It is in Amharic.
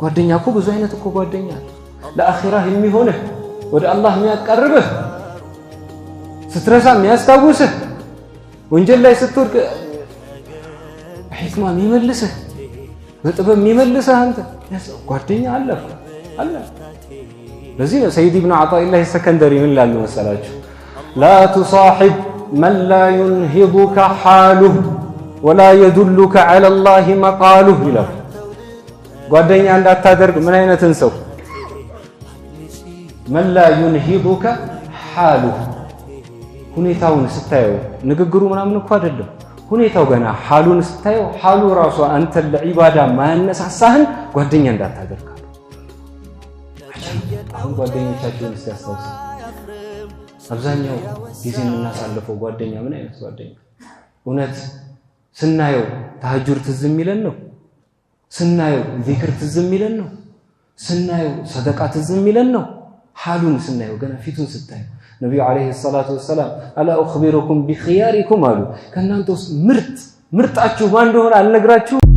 ጓደኛ እኮ ብዙ አይነት እኮ ጓደኛ አለ። ለአኺራህ የሚሆንህ ወደ አላህ የሚያቀርብህ ስትረሳ የሚያስታውስህ ወንጀል ላይ ስትወድቅ ሒክማ የሚመልስህ በጥበብ የሚመልስህ አንተ ጓደኛ አለ አለ። በዚህ ነው ሰይድ ብን ዓጣኢላህ ሰከንደሪ ምን ላሉ መሰላችሁ? ላ ቱሳሒብ መን ላ ዩንሂዱከ ሓሉህ ወላ የዱሉከ ዐለላሂ መቃሉህ ይላል። ጓደኛ እንዳታደርግ ምን አይነትን ሰው መላ ዩንሂቡከ ሓሉ ሁኔታውን ስታየው ንግግሩ ምናምን እኮ አይደለም። ሁኔታው ገና ሓሉን ስታየው ሓሉ ራሷ አንተን ለዒባዳ ማያነሳሳህን ጓደኛ እንዳታደርግ አሁን ጓደኞቻችሁን እስቲ አስታውሱ። አብዛኛው ጊዜ የምናሳልፈው ጓደኛ ምን አይነት ጓደኛ እውነት ስናየው ተሀጁር ትዝ የሚለን ነው ስናየው ዚክር ትዝ የሚለን ነው። ስናየው ሰደቃ ትዝ የሚለን ነው። ሓሉን ስናየው ገና ፊቱን ስታዩ ነቢዩ ዓለይሂ ሰላቱ ወሰላም አላ ኡኽቢሩኩም ቢኽያሪኩም አሉ። ከእናንተ ውስጥ ምርጥ ምርጣችሁ ማን እንደሆነ አልነግራችሁም?